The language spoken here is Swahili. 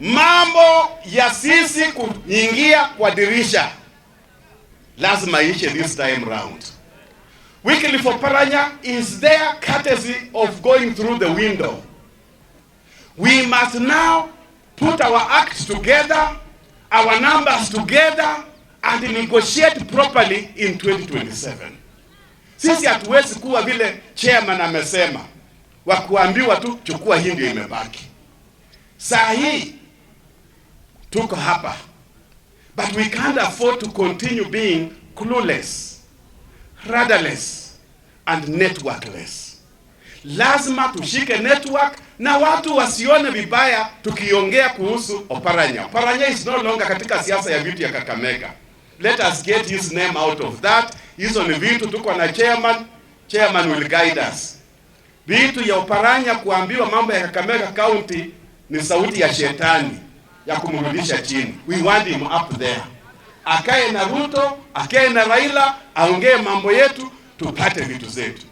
mambo ya sisi kuingia kwa dirisha lazima ishe this time round. Wycliffe Oparanya is there courtesy of going through the window. We must now put our acts together, our numbers together and negotiate properly in 2027. Sisi hatuwezi kuwa vile chairman amesema, wakuambiwa tu chukua hii ndio imebaki saa hii tuko hapa, but we can't afford to continue being clueless, rudderless and networkless. Lazima tushike network na watu wasione vibaya tukiongea kuhusu Oparanya. Oparanya is no longer katika siasa ya vitu ya Kakamega. Let us get his name out of that. Hizo ni vitu tuko na chairman, chairman will guide us. Vitu ya Oparanya kuambiwa mambo ya Kakamega County ni sauti ya shetani ya kumrudisha chini. We want him up there, akae na Ruto, akae na Raila, aongee mambo yetu, tupate vitu zetu.